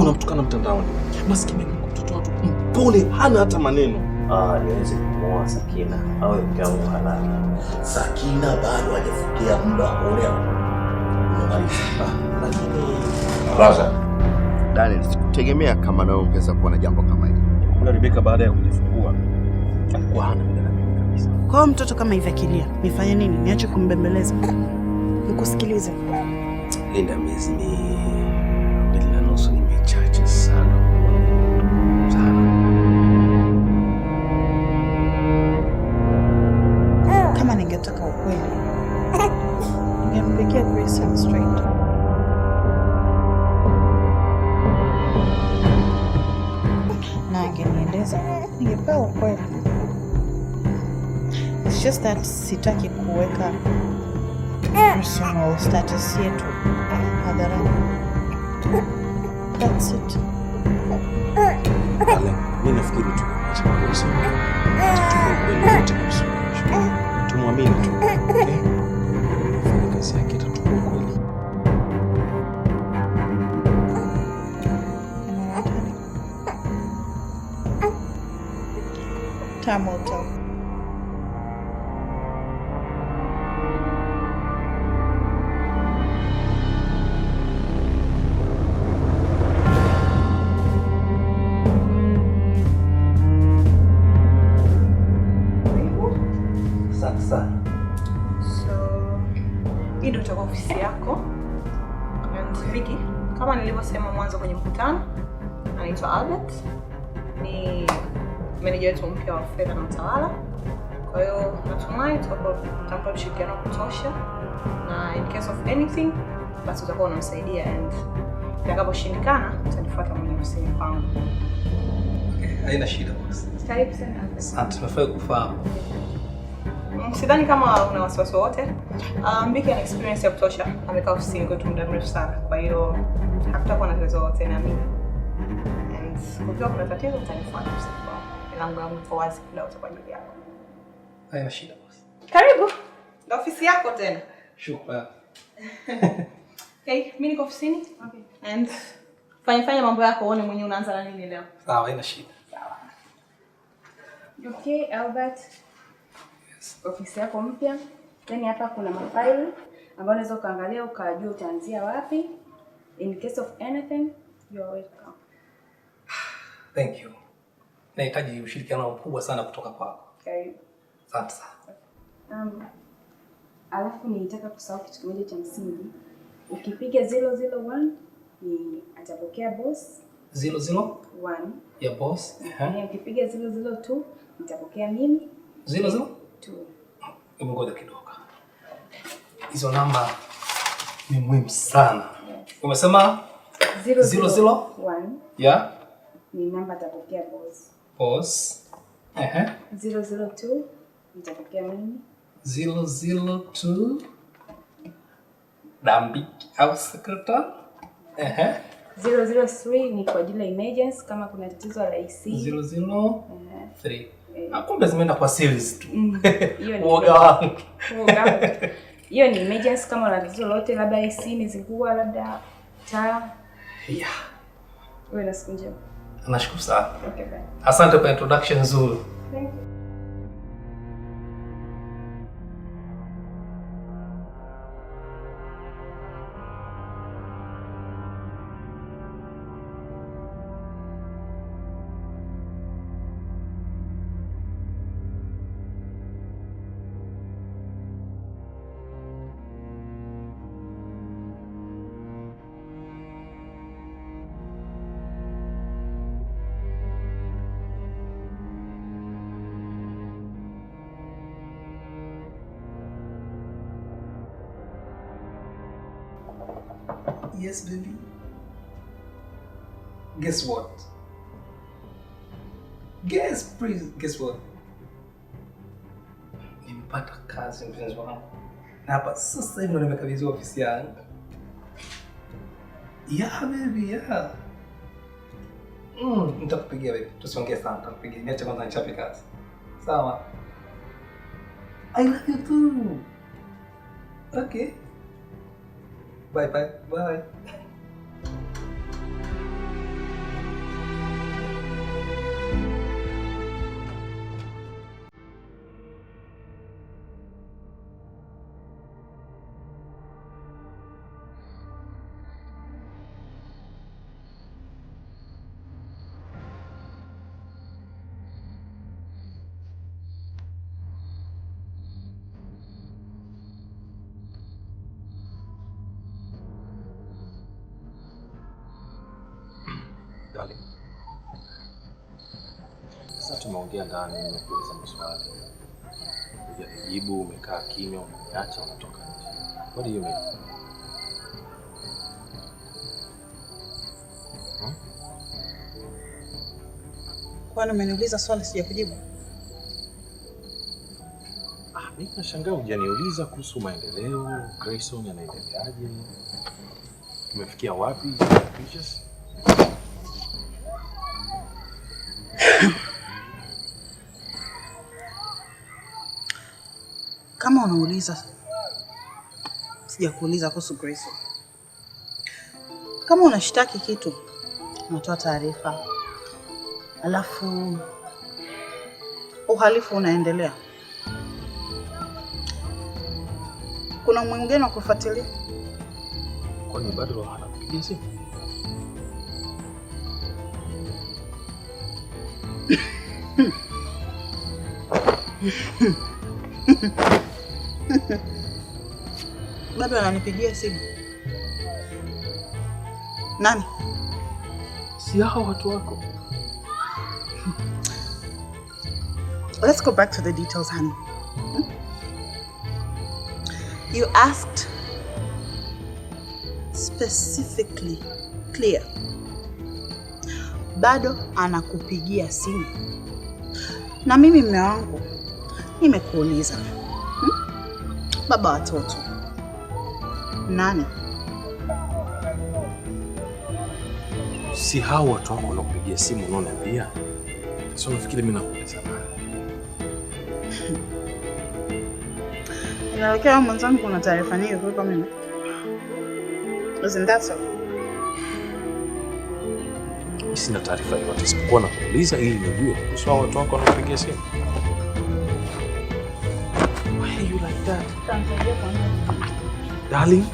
mpaka unamtukana mtandaoni. Maskini mtoto watu mpole, hana hata maneno. Ah, niweze kumuoa Sakina awe mke wangu halali. Sakina bado hajafikia muda wa kuolewa. Baraza ah, Daniel, sikutegemea kama nawe ungeweza kuwa na jambo kama hili. Kuna Rebecca baada ya kujifungua alikuwa hana muda na mimi kabisa. Kwa mtoto kama hivi akilia, nifanye nini? Niache kumbembeleza? Nikusikilize. Linda mimi miongozo ni sana ah. Kama ningetaka ukweli, ukweli. just that sitaki kuweka ah. personal status yetu hadharani msitu. Mimi nafikiri tumwamini tu kazi yake itatupa kweli. Tamu meneja wetu mpya wa fedha na utawala. Kwa hiyo natumai tutakuwa ushirikiano wa kutosha, na in case of anything basi utakuwa unamsaidia and itakaposhindikana utanifuata mwenyewe useni kwangu. Haina shida. Karibu sana. Asante, tumefurahi kufahamu. Sidhani kama una wasiwasi wowote. Mbiki ana experience ya kutosha, amekaa ofisini kwetu muda mrefu sana, kwa hiyo hakutakuwa na tatizo wowote, naamini. And kukiwa kuna tatizo utanifuata. Milango yangu iko wazi kila uta kwa ajili yako. Haina shida basi. Karibu na ofisi yako tena. Shukrani. Okay, mimi niko ofisini. Okay. And fanya fanya mambo yako uone mwenye unaanza na nini leo. Sawa, haina shida. Sawa. Okay, Albert. Yes. Ofisi yako mpya. Then hapa kuna mafaili ambayo unaweza ukaangalia ukajua utaanzia wapi. In case of anything, you're welcome. Thank you nahitaji ushirikiano mkubwa sana kutoka kwako. Karibu. Asante sana. Um, alafu nilitaka kusahau kitu kimoja cha msingi. Ukipiga 001 ni atapokea boss 001 ya boss. Uh-huh. Ukipiga 002 nitapokea mimi 002. Hebu ngoja kidogo. Hizo namba ni muhimu sana. Yes. Umesema 001 ya ni namba atapokea boss pause. Ehe. 002 nitatokea mimi. 002 Rambiki au secretary. Ehe. 003 ni kwa ajili ya emergency kama kuna tatizo la IC. 003. Ehe. Eh. Akumbe ah, zimeenda kwa series tu. Mm. Uoga wangu. Hiyo ni emergency kama una tatizo lote labda IC imezingua labda taa. Yeah. Uwe na siku njema. Nashukuru sana. Asante kwa introduction nzuri. Yes, baby. Guess what? Guess, please, guess what? Nimepata kazi mpenzi wangu. Na hapa sasa hivi nimekabidhiwa ofisi yangu. Yeah, baby, yeah. Mm, nitakupigia baby. Tusiongee sana, nitakupigia. Niache kwanza nichape kazi. Sawa. I love you too. Okay. Bye bye. Bye. Sasa tumeongea ndani, nimekuuliza maswali hujanijibu, umekaa kimya, umeniacha unatoka nje. What do you mean? Hmm? Kwani umeniuliza swali sija kujibu? Ah, mimi nashangaa hujaniuliza kuhusu maendeleo, Grayson anaendeleaje, umefikia wapi? Pictures? unauliza, sijakuuliza kuhusu Grace. Kama unashtaki kitu, unatoa taarifa, alafu uhalifu unaendelea. Kuna mwingine wa kufuatilia, kwani bado hanakupigia simu? bado ananipigia simu. Nani? Si hao watu wako. Let's go back to the details, honey. Hmm? You asked specifically clear. Bado anakupigia simu, na mimi mme wangu nimekuuliza baba watoto. Nani? Si hao watu wako wanakupigia simu unaoniambia? Sio nafikiri mimi nakuuliza nani. Inaelekea mwenzangu kuna taarifa nyingi kuliko mimi. Isn't that so? Sina taarifa yoyote isipokuwa nakuuliza ili nijue kuhusu hao watu wako wanakupigia simu. Rebecca. Darling.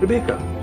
Rebecca.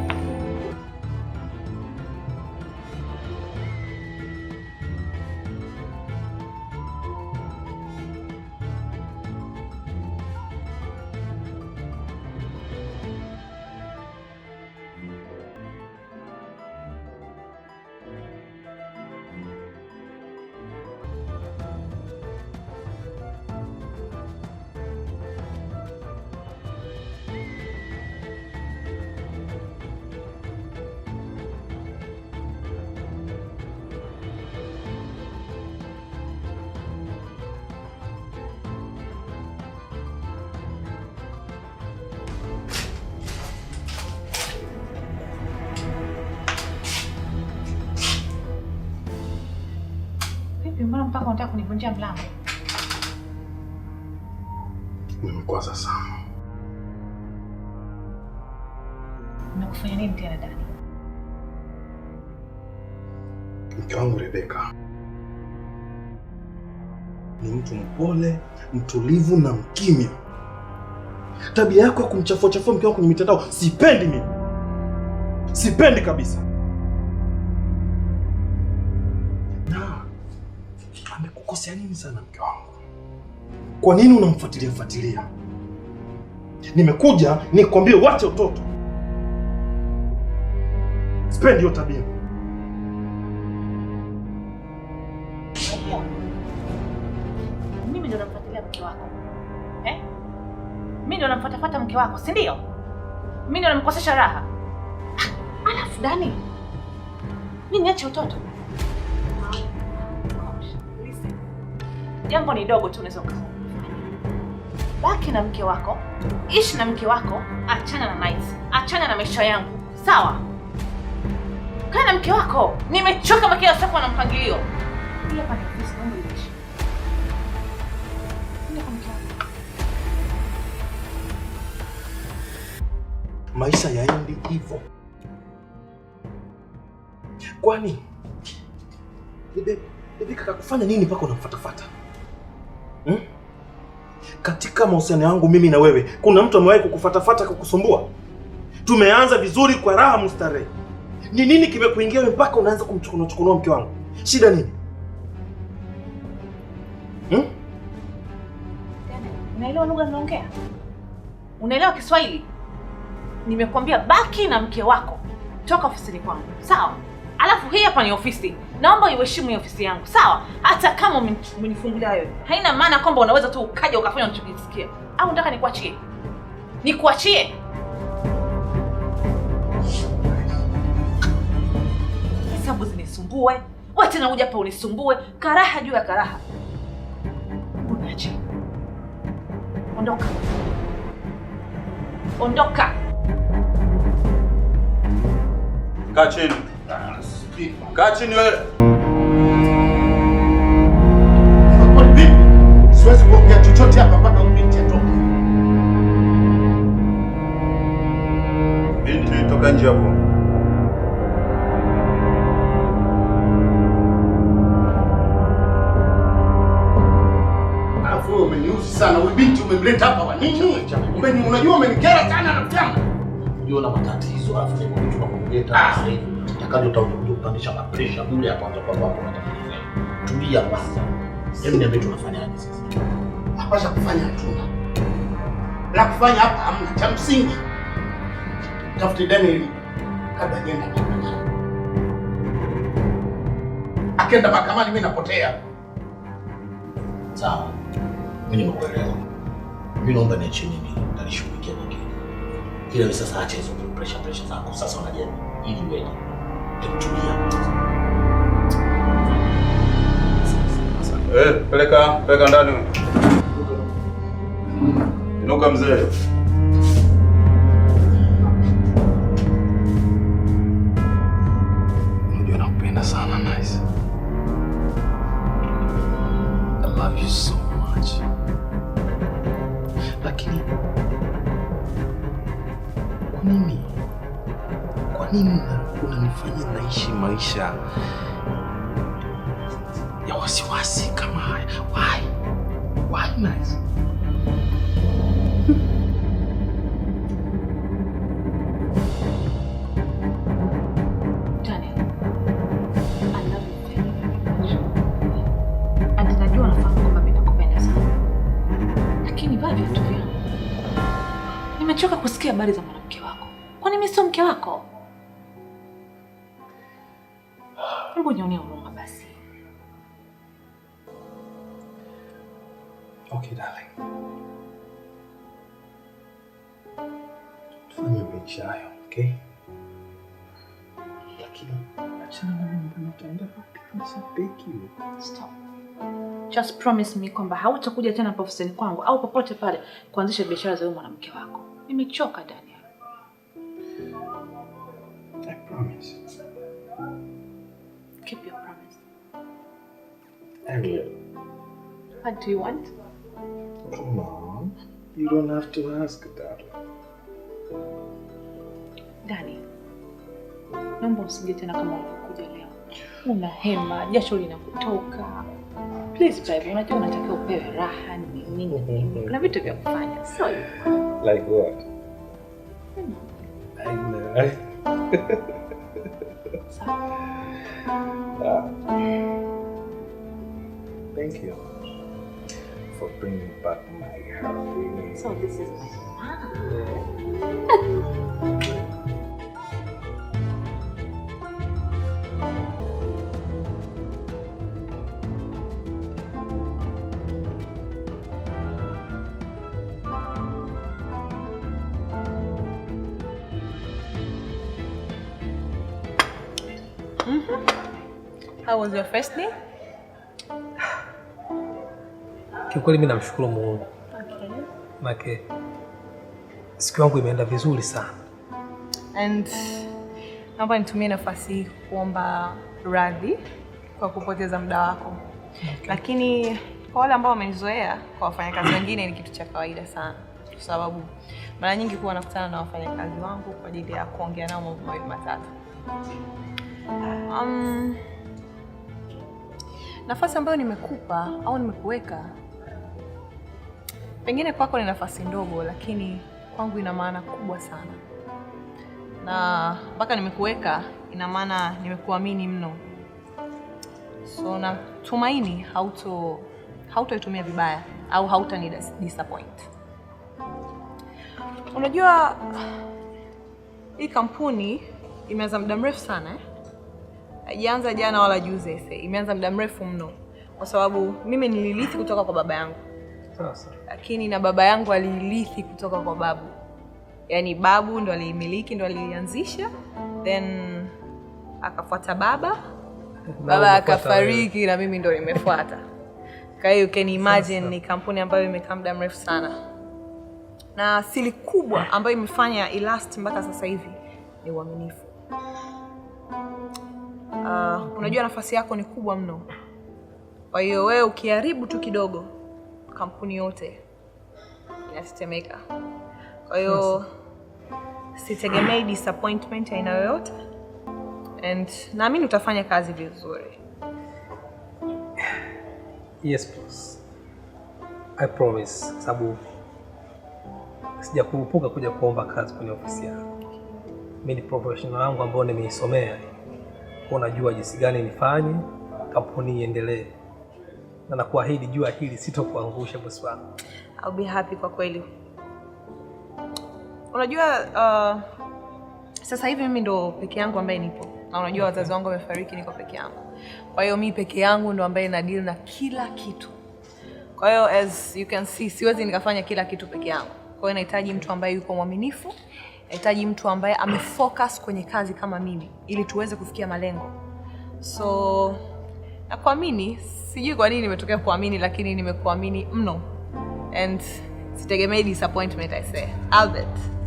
unataka kunivunjia mlango? Nimekwaza sana. Nakufanya nini tena Dani? Mke wangu Rebeka ni mtu mpole, mtulivu na mkimya. Tabia yako ya kumchafua chafua mke kwenye mitandao sipendi mimi, sipendi kabisa. nini sana mke wangu? Kwa nini unamfuatilia fuatilia? Nimekuja nikwambie wache utoto. Sipendi hiyo tabia. Mimi ndio namfuatilia mke wako eh? Mimi ndio namfuatafuata mke wako, si ndio? Mimi namkosesha raha. Ah, alafu Dani, mimi niache utoto jambo ni dogo tu, unaweza baki na mke wako, ishi na mke wako, achana na Night, achana na maisha yangu, sawa? Kaa na mke wako, nimechoka makia sako na mpangilio maisha yaendi hivyo. Kwani bibi kufanya nini mpaka unamfatafata? hmm? Katika mahusiano yangu mimi na wewe, kuna mtu amewahi kukufatafata kukusumbua? Tumeanza vizuri kwa raha mustarehe, ni nini kimekuingia mpaka unaanza kumchukunuchukunua mke wangu? Shida nini hmm? Unaelewa lugha ninaongea? Unaelewa Kiswahili? nimekuambia baki na mke wako, toka ofisini kwangu, sawa? Alafu hii hapa ni ofisi naomba uheshimu ofisi yangu sawa, hata kama umenifungulia wewe. Haina maana kwamba unaweza tu ukaja ukafanya unachokisikia. Au nataka nikuachie? Nikuachie? sababu zinisumbue wewe tena, uja hapa unisumbue, karaha juu ya karaha. Niachie, ondoka, ondoka, kaa chini. Kaa chini wewe. Siwezi kuongea chochote hapa mpaka binti atoke. Binti toka nje hapo. Alafu wewe umeniuzi sana, huyu binti umemleta hapa kwa nini? Umeni unajua umenikera sana na mtama. Unajua na matatizo alafu nimekuja kukuleta. Ah, takaje utaona kupandisha na pressure bure ya kwanza kwa sababu unatafuta. Tulia basi. Hebu niambie tunafanyaje sasa? Hapa cha kufanya hatuna. La kufanya hapa hamna cha msingi. Tafute Daniel kabla ajenda kitu. Akenda mahakamani mimi napotea. Sawa. Mimi nimekuelewa. Mimi naomba niache mimi nitashughulikia nyingine. Ila sasa acha hizo pressure pressure zako. Sasa unajenga ili wewe Tulia. Eh, peleka, peleka ndani. Inuka mzee. Unajua nakupenda sana Nice. I love you so. kunifanya naishi maisha ya wasiwasi kama haya. Why? Why nice? Nimechoka kusikia habari za mwanamke wako. Kwani mimi sio mke wako? Stop. Just promise me kwamba hautakuja tena pa ofisini kwangu au popote pale kuanzisha biashara za wewe mwanamke wako. Nimechoka Daniel. I promise. Keep your promise. I will. What do you want? Come on. You don't have to ask, darling. Dani, naomba usije tena kama ulivyokuja leo una hema, jasho linakutoka. Please babe, unajua unatakiwa upewe raha nini, nini. Mm-hmm. kuna vitu vya kufanya. So like what? Hmm. I know. so. ah. Thank you for bringing back my happiness. So this is my mom. How was your first day? Kiukweli mi namshukuru Mungu. Okay. Make siku yangu imeenda vizuri sana. And naomba nitumie nafasi hii kuomba radhi kwa kupoteza muda wako. Okay. Lakini kwa wale ambao wamenizoea kwa wafanyakazi wengine ni kitu cha kawaida sana, kwa sababu mara nyingi huwa nakutana na wafanyakazi wangu kwa ajili ya kuongea nao mambo matatu. Um, nafasi ambayo nimekupa au nimekuweka pengine kwako ni nafasi ndogo, lakini kwangu ina maana kubwa sana, na mpaka nimekuweka ina maana nimekuamini mno, so natumaini hauto hautoitumia vibaya au hautani disappoint. Unajua hii kampuni imeanza muda mrefu sana eh? haijaanza jana wala juzi, ise imeanza muda mrefu mno, kwa sababu mimi nilirithi kutoka kwa baba yangu. Sasa lakini na baba yangu alirithi kutoka kwa babu, yaani babu ndo aliimiliki, ndo alianzisha, then akafuata baba, baba akafariki na mimi ndo nimefuata. Kwa hiyo you can imagine ni kampuni ambayo imekaa muda mrefu sana, na siri kubwa ambayo imefanya ilast mpaka sasa hivi ni uaminifu uh, unajua nafasi yako ni kubwa mno. Kwa hiyo wewe ukiharibu tu kidogo, kampuni yote inatetemeka. Kwa hiyo sitegemei disappointment aina yoyote, and naamini utafanya kazi vizuri. Yes please. I promise, sababu sijakurupuka kuja kuomba kazi kwenye ofisi yako. Mimi ni professional wangu ambao nimeisomea utakuwa najua jinsi gani nifanye kampuni iendelee, na nakuahidi, jua hili sitokuangusha bosi wangu. I'll be happy kwa kweli. Unajua uh, sasa hivi mimi ndo peke yangu ambaye nipo na unajua okay. Wazazi wangu wamefariki, niko peke yangu, kwa hiyo mimi peke yangu ndo ambaye na deal na kila kitu. Kwa hiyo as you can see, siwezi nikafanya kila kitu peke yangu, kwa hiyo nahitaji mtu ambaye yuko mwaminifu nahitaji mtu ambaye amefocus kwenye kazi kama mimi ili tuweze kufikia malengo. So nakuamini, sijui kwa nini nimetokea kuamini, lakini nimekuamini mno and sitegemei disappointment. I say Albert.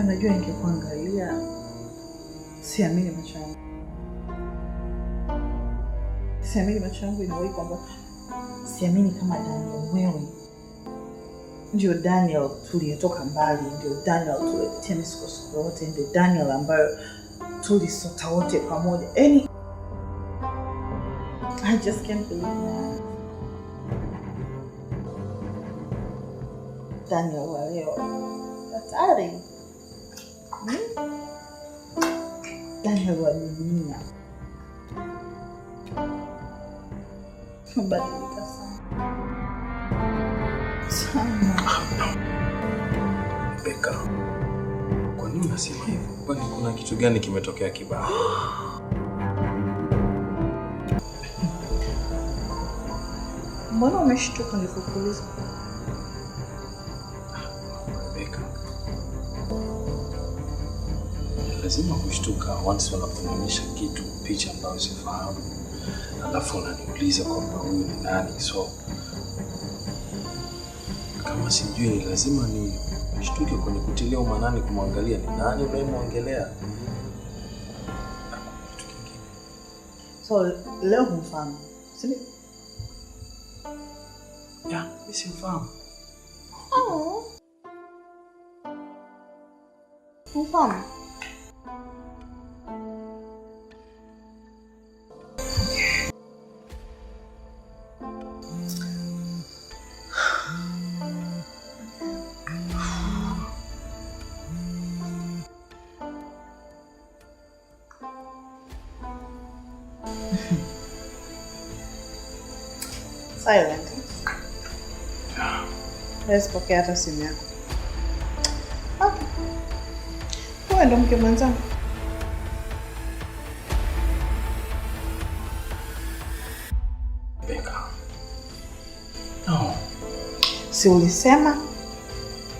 Yaani unajua ingekuangalia siamini macho yangu, siamini macho yangu inawahi kwamba siamini kama Daniel wewe ndio Daniel tuliyetoka mbali, ndio Daniel tuliyopitia misukosuko yote, ndio Daniel ambayo tulisota wote pamoja. Yaani I just can't believe that. Daniel wa leo hatari. Dada wa dunia mabadilika sana Beka, kwa nini unasema hivyo? Kwani kuna kitu gani kimetokea kibaya? Mbona umeshtuka nilivyokuuliza? lazima kushtuka once wanaponionyesha kitu, picha ambayo sifahamu, alafu wananiuliza kwamba huyu ni nani. So kama sijui, ni lazima ni shtuke kwenye kutilia umanani kumwangalia ni nani unayemwongelea. So leo humfahamu, si ndio? Ya, mimi simfahamu. Oh. Humfahamu? Silent. Yes, pokea hata simu yako. Okay. Wewe ndo No. Si ulisema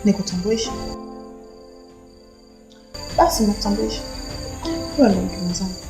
nikutambulishe? Basi nakutambulisha. Wewe ndo mke mwenzangu.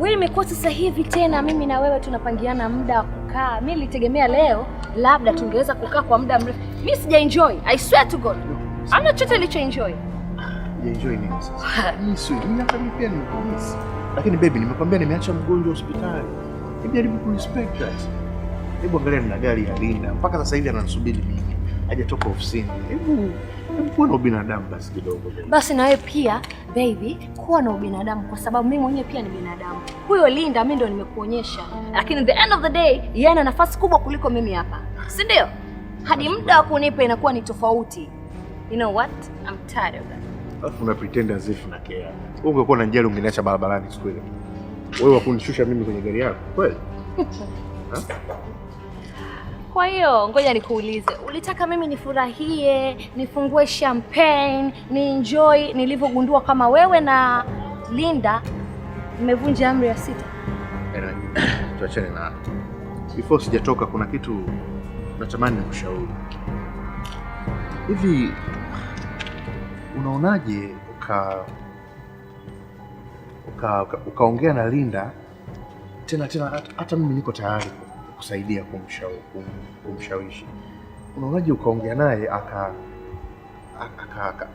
Wewe imekuwa sasa hivi tena mimi na wewe tunapangiana muda wa kukaa. Mimi nilitegemea leo labda tungeweza kukaa kwa muda mrefu. Mimi sija enjoy. I swear to God. Hamna chochote nilicho enjoy. Ya enjoy nini sasa? Mimi sio. Mimi nafikiri pia ni Lakini baby nimekwambia nimeacha mgonjwa hospitali. Hebu jaribu ku respect that. Hebu angalia nina gari ya Linda. Mpaka sasa hivi ananisubiri mimi. Hajatoka ofisini. Hebu kuwa na ubinadamu basi kidogo. Basi na wewe pia baby, kuwa na ubinadamu, kwa sababu mimi mwenyewe pia ni binadamu. Huyo Linda mimi ndo nimekuonyesha, lakini the end of the day yeye ana nafasi kubwa kuliko mimi hapa, si ndio? Hadi muda wa kunipa inakuwa ni tofauti. You know what? I'm tired of that. Alafu una pretend as if na care. Wewe ungekuwa na njali ungeniacha barabarani siku ile. Wewe wakunishusha mimi kwenye gari yako kweli? Kwa hiyo ngoja nikuulize, ulitaka mimi nifurahie, nifungue champagne, ni enjoy nilivyogundua kama wewe na Linda mmevunja amri ya sita? Tuachane na before sijatoka, kuna kitu natamani nikushauri. Hivi unaonaje uka ukaongea uka na Linda tena tena, hata mimi niko tayari kusaidia kumshawishi kumsha unaonaje, ukaongea naye akakupa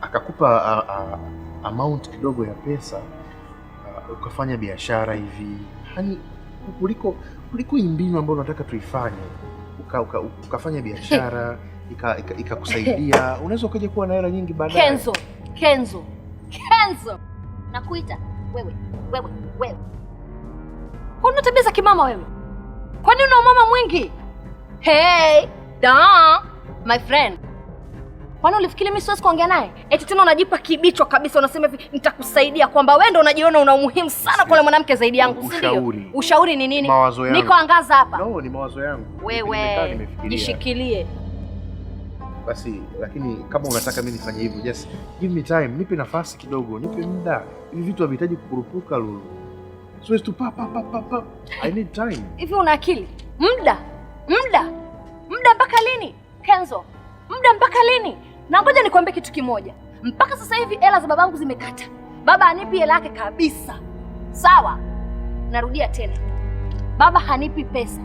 aka, aka, aka amount kidogo ya pesa uh, ukafanya biashara hivi, yani kuliko kuliko mbinu ambayo unataka tuifanye, uka, uka, ukafanya biashara ikakusaidia ika, ika unaweza ukaja kuwa na hela nyingi baadaye. Kenzo, Kenzo, Kenzo, nakuita wewe, wewe, wewe, huna tabia za kimama wewe. Kwa nini una mama mwingi? Hey, da, my friend. Kwani ulifikiri mimi siwezi kuongea naye? Eti tena unajipa kibichwa kabisa, unasema hivi nitakusaidia, kwamba wewe ndio unajiona una umuhimu sana kwa mwanamke zaidi yangu, si ndio? Ushauri ni nini? Mawazo yangu. Niko angaza hapa. No, ni mawazo yangu. Wewe jishikilie. Basi, lakini kama unataka mimi nifanye hivyo, just give me time, nipe nafasi kidogo, nipe muda. Hivi vitu havihitaji kukurupuka Lulu. Siwezi tu pa, pa, pa, pa. I need time. Hivi una akili? Muda. Muda. Muda mpaka lini? Kenzo. Muda mpaka lini? Na ngoja nikwambie kitu kimoja. Mpaka sasa hivi hela za babangu zimekata. Baba hanipi hela yake kabisa. Sawa? Narudia tena. Baba hanipi pesa.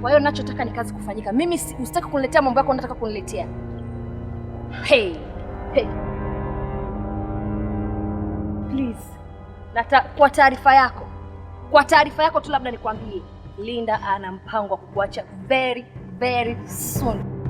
Kwa hiyo ninachotaka ni kazi kufanyika. Mimi usitaki kuniletea mambo yako, nataka kuniletea. Hey. Hey. Please. Nata, kwa taarifa yako kwa taarifa yako tu labda nikwambie, Linda ana mpango wa kukuacha very very soon.